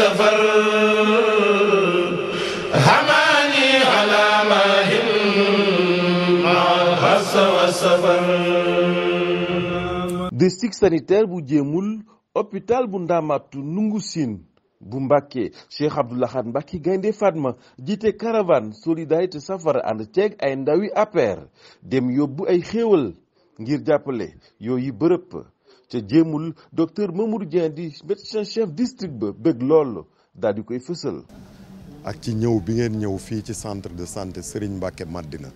سفر هماني bu jéemul hôpital bu Ndamatu nungu siin bu Mbàkke Cheikh Abdou Lahad Mbàkke Gaynde Fatma jiite caravane solidarité safara ànd ceeg ay ndawi APR dem yóbbu ay xéewal ngir jàppale yooyu bërëb ca jéemul docteur Mamour Dieng di médecin chef district ba bëgg lool daal koy fësal. ak ci ñëw bi ngeen ñëw fii ci centre de santé Serigne Mbacké Madina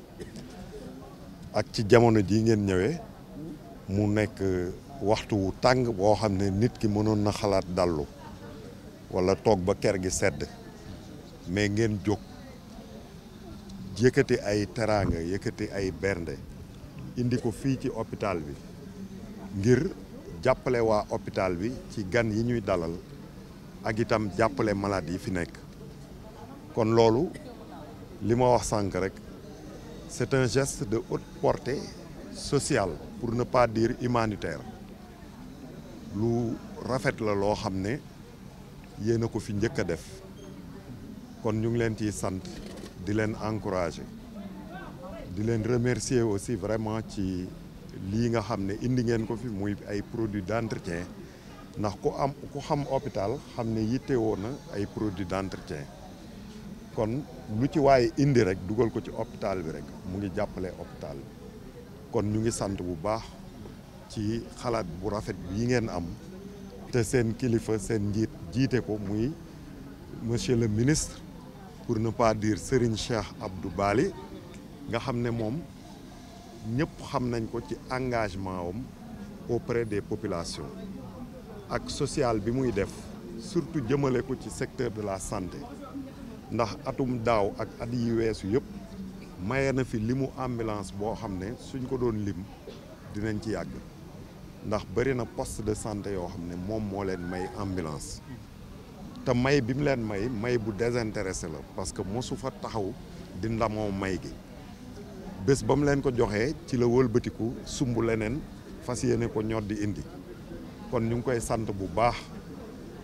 ak ci jamono ji ngeen ñëwee mu nekk waxtu wu tàng boo xam ne nit ki mënoon na xalaat dallu wala toog ba ker gi sedd mais ngeen jóg yëkkati ay teraanga yëkkati ay bernde indi ko fii ci hôpital bi ngir jàppale wa hôpital bi ci gan yi ñuy dalal ak itam jappelé malade yi fi nek kon lolu li wax sank rek c'est un geste de haute portée sociale pour ne pas dire humanitaire lu rafet la lo xamné ne ko fi njëkk def kon ñu ngi leen ci sante di leen encourager di leen remercier aussi vraiment ci lii nga xam ne indi ngeen ko fi muy ay produits d'entretien ndax ku am ku xam hôpital xam ne yittewoo na ay produits d'entretien kon lu ci waaye indi rek dugal ko ci hôpital bi rek mu ngi jàppale hôpital bi kon ñu ngi sant bu baax ci xalaat bu rafet yi ngeen am te seen kilifa seen njiit jiite ko muy monsieur le ministre pour ne pas dire Serigne Cheikh Abdou Bali nga xam ne moom ñëpp xam nañ ko ci engagement am auprès des populations ak social bi muy def surtout jëmale ko ci secteur de la santé ndax atum daaw ak at yi weesu yëpp maye na fi limu ambulance boo xam ne suñ ko doon lim dinañ ci yàgg ndax bëri na poste de santé yoo xam ne moom moo leen may ambulance te may bi mu leen may may bu désintéressé la parce que mosu fa taxaw di ndamoo may gi bés ba mu leen ko joxee ci la wëlbatiku sumb leneen fas yéene ko ñor di indi kon ñu ngi koy sant bu baax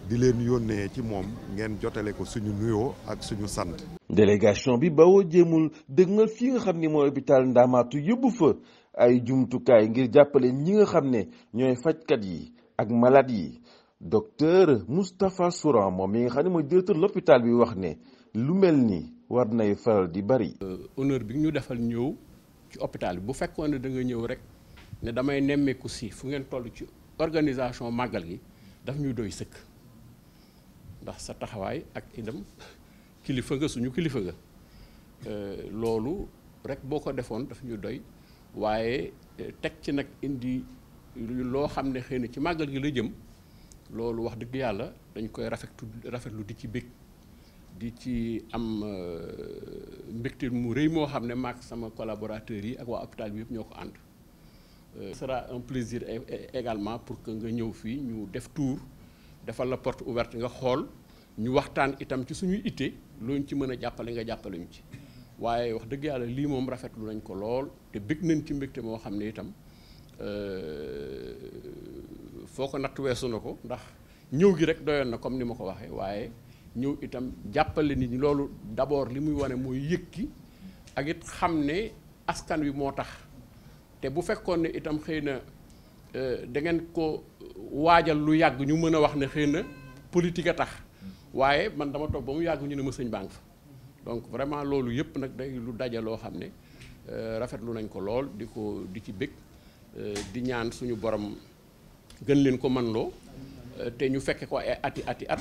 di leen yónnee ci moom ngeen jotale ko suñu nuyoo ak suñu sant. délégation bi bawoo jéemul dëgmal fii nga xam ni mooy hôpital Ndamaatu yóbbu fa ay jumtukaay ngir jàppale ñi nga xam ne ñooy fajkat yi ak malade yi docteur Moustapha Souran moom mi nga xam ne mooy directeur l'hôpital bi wax ne lu mel ni war nay faral di bari. Euh, honneur bi ñu defal ñëw. ci hôpital bu fekkoon ne da ñëw rek ne damay nemmeeku si fu ngeen tollu ci organisation màggal gi daf ñuy doy sëkk ndax sa taxawaay ak itam kilifa nga suñu kilifa nga euh, loolu rek boo ko defoon daf ñu doy waaye euh, teg ci nag indi loo xam ne xëy na ci màggal gi la jëm loolu wax dëgg yàlla dañ koy rafetlu rafetlu di ci bég di ci am euh, mbégte mu rëy moo xam ne maak sama collaborateurs yi ak waa hôpital bi yëpp ñoo ko ànd. Euh, ce sera un plaisir également pour que nga ñëw fii ñu def tour defal la porte ouverte nga xool ñu waxtaan itam ci suñu itte looñ ci mën a jàppale nga jàppale ci. waaye wax dëgg yàlla lii moom rafetlu nañ ko lool te bég nañ ci mbégte moo xam ne itam euh, foo ko natt weesu na ko ndax ñëw gi rek doyoon na comme ni ma ko waxee waaye. ñëw itam jàppale nit ñi loolu d' abord li muy wane ak it askan wi moo tax te bu fekkoon itam xëy na euh, da ngeen ko wajal lu yàgg ñu mën a wax ne xëy na politique a tax waaye man dama toog ba mu yàgg ñu ne ma sëñ baa fa donc vraiment day lu euh, nañ ko di ko di ci bëgg euh, di ñaan suñu borom gën leen ko man loo te ñu fekke ko ati ati at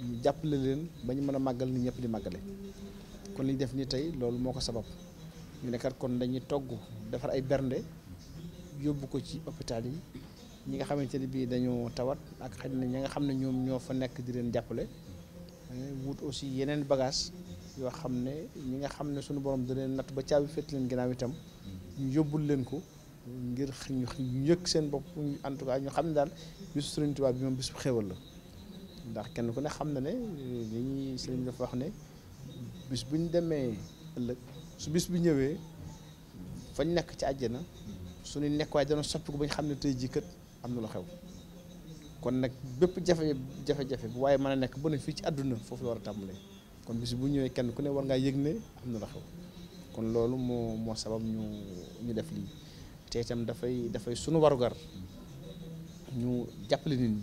ñu jàppale leen ba ñu mën a màggal ni ñëpp di màggale kon li def nii tey loolu moo ko sabab ñu ne kon dañuy togg defar ay bernde yóbbu ko ci hôpital yi ñi nga xamante ne bii dañoo tawat ak xëy na ñi nga xam ne ñoom ñoo fa nekk di leen jàppale eh, wut aussi yeneen bagage yoo xam ne ñi nga xam ne sunu borom da leen natt ba caabi féet leen ginnaaw itam ñu yóbbul leen ko ngir ñu yëg seen bopp en tout ñu xam ne daal bisu Sëriñ Tuubaa bi moom bisu xéewal la ndax kenn ku ne xam na ne li ñuy sëriñ dafa wax ne bis bu ñu demee ëllëg su bis bu ñëwee fañ nekk ci àjjana suñu nekk waaye dana soppi ko ba ñu xam ne tey jii kat am na lu xew kon nag bépp jafe jafe-jafe bu waaye mën a nekk ba ne ci àdduna foofu la a tàmbalee kon bis bu ñëwee kenn ku ne war ngaa yëg ne am na lu xew kon loolu moo moo sabab ñu ñu def lii te itam dafay dafay sunu warugar ñu jàppale nit ñi.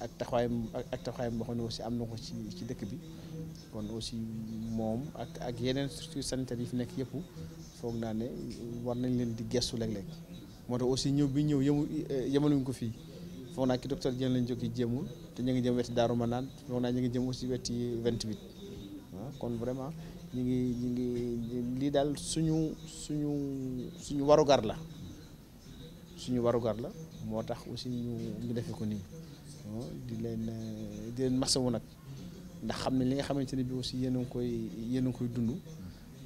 ak taxawaayam ak taxawaayam aussi am na ko ci ci dëkk bi kon aussi moom ak ak yeneen structure sanitaire yi fi nekk yëpp foog naa ne war nañ leen di gestu léeg-léeg moo tax aussi ñëw bi ñëw yëmu yemaluñ ko fii foog naa ki docteur Dieng lañ jógee jéemu te ñu ngi jëm weti Daaru Manaan foog naa ñu ngi jëm aussi kon vraiment ñu ngi ñu ngi lii daal suñu suñu suñu warugar la suñu warugar la moo tax aussi ñu ko nii di leen di leen masawu nag ndax xam ne li nga xamante ne bi aussi yéen a koy yéen a koy dund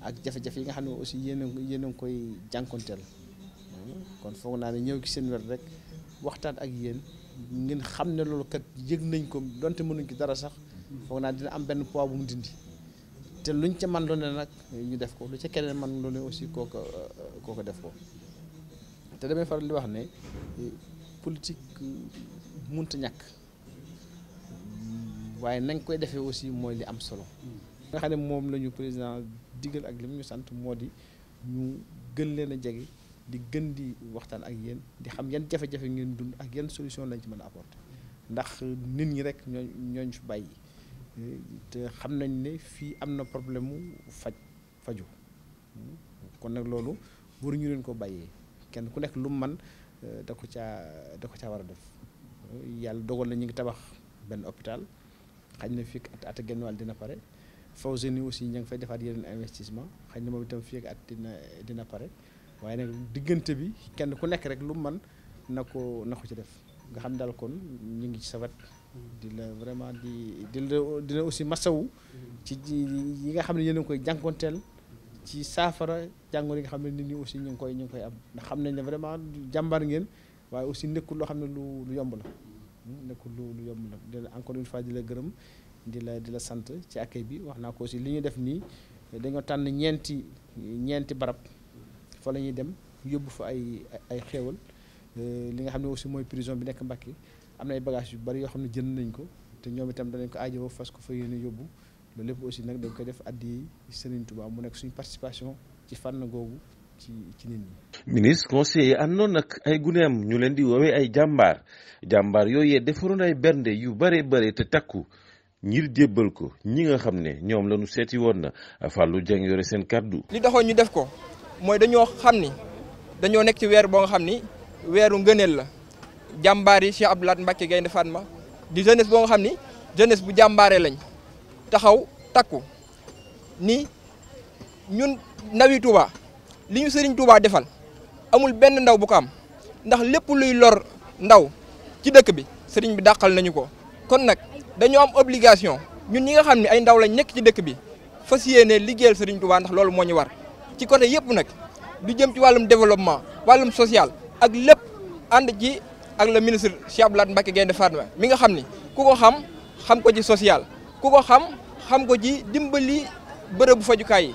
ak jafe-jafe yi nga xam ne aussi yéen a yéen a ngi koy jànkonteel kon foog naa ne ñëw ci seen wet rek waxtaan ak yéen ngeen xam ne loolu kat yëg nañ ko donte mënuñ ci dara sax foog naa dina am benn poids bu mu dindi te luñ ca man loolu nag ñu def ko lu ci keneen man loolu aussi kooko kooko def ko te damay faral di wax ne politique munta ñàkk waaye nañ koy defee aussi mooy li am solo nga moom la ñu président digal ak li mu ñu sant moo di ñu gën leen a jege di gën di waxtaan ak yéen di xam yan jafe-jafe ngeen dund ak yenn solution lañ ci mën a ndax nit ñi rek ñoo ñooñ fi bàyyi te xam nañ ni fii am na problème mu faj faju kon nag loolu waruñu leen ko bàyyee kenn ku nekk lu mu man eh, da ko caa da ko caa war a def yàlla dogal na ñu ngi tabax benn hôpital xañ na fii at at a genn wàll dina pare Fawzeni aussi ñu ngi fay defaat yeneen investissement xañ na moom itam fii at dina dina pare waaye nag diggante bi kenn ku nekk rek lu mu mën na ko na ko ci def nga xam daal kon ñu ngi ci sawet di la vraiment di di la aussi masawu ci yi nga xam ne yéen a ngi koy jànkonteel ci saafara jàngoro yi nga xam ne aussi ñu ngi koy ñu ngi koy am ndax xam nañ ne vraiment jàmbar ngeen waaye aussi nekkul loo xam ne lu lu yomb la hmm, nekkul lu lu yomb la di la encore une di la gërëm di la di la sant ci accueil bi wax naa ko aussi li ñu def nii dañoo tànn ñeenti ñeenti barab fa la ñuy dem yóbbu fa ay ay xéewal euh, li nga xam ne aussi mooy prison bi nekk Mbacké am na ay bagages yu bari yoo xam ne jënd nañ ko te ñoom itam danañ ko aajowoo fas ko fa yéene yóbbu loolu lépp aussi nag dañ koy def addi Serigne Touba mu nekk suñu participation ci fànn googu ci ci nit ñi. ministre conseiller àndoon nag ay guneem ñu leen di woowee ay jàmbaar jàmbaar yooyee defaroon ay bernde yu bare bare te takku ngir jébbal ko ñi nga xam ne ñoom la seeti woon na Fallou Dieng yore seen kàddu. li doxoon ñu def ko mooy dañoo xam ni dañoo nekk ci weer boo nga xam ni weeru ngëneel la jàmbaar yi Cheikh Abdou Lahad Mbacké Gaïndé ma di jeunesse boo nga xam ni jeunesse bu jàmbaare lañ taxaw takku ni ñun nawi li ñu Serigne Touba defal amul benn ndaw bu ko am ndax lépp luy lor ndaw ci dëkk bi Serigne bi dàqal nañu ko kon nag dañoo am obligation ñun ñi nga xam ne ay ndaw lañ nekk ci dëkk bi fas yéene liggéeyal Serigne Touba ndax loolu moo ñu war ci côté yëpp nag lu jëm ci wàllum développement wàllum social ak lépp ànd ji ak la ministre Cheikh Abdoulaye Mbacké Gaïndé Fatma mi nga xam ni ku ko xam xam ko ci sociale ku ko xam xam ko ci dimbali bërëbu fajukaay yi.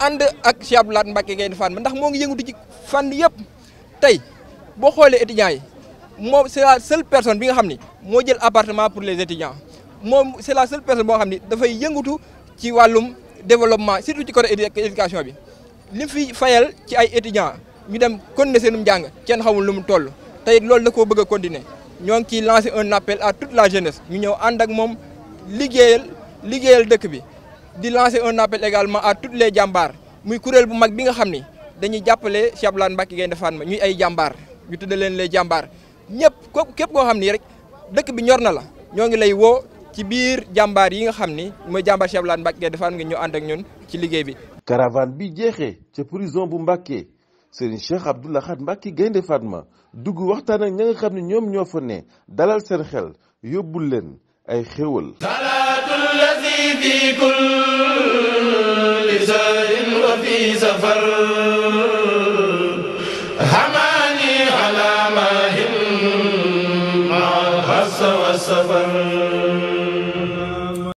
ànd ak Cheikh Abdou Lahad Mbacké Gaïndé Fatma ndax moo ngi yëngatu ci fànn yëpp tey boo xoolee étudiants yi moom c'est la seule personne bi nga xam ni moo jël appartement pour les étudiants moom c'est la seule personne boo xam ni dafay yëngatu ci wàllum développement surtout ci côté éducation bi li fi fayal ci ay étudiants ñu dem continuer seenum jàng kenn xamul lu mu toll tey loolu da koo bëgg a continuer ñoo ngi ciy lancer un appel à toute la jeunesse ñu ñëw ànd ak moom liggéeyal liggéeyal dëkk bi di lancer un appel également à toutes les jàmbaar muy les bu mag bi nga xamni de dañuy les Cheikh jambar. Mbacké Gaïndé Fatma ñuy ay jambar ñu tuddaleen les rek dëkk bi ñor la ñoo lay wo ci biir yi nga Cheikh nga ak ñun ci liggéey bi. caravane bi les ci prison bu Mbacké Serigne Cheikh Abdoullah Khat Mbacké Gaïndé Fatma waxtaan ak dalal seen xel yobul leen في كل زار وفي سفر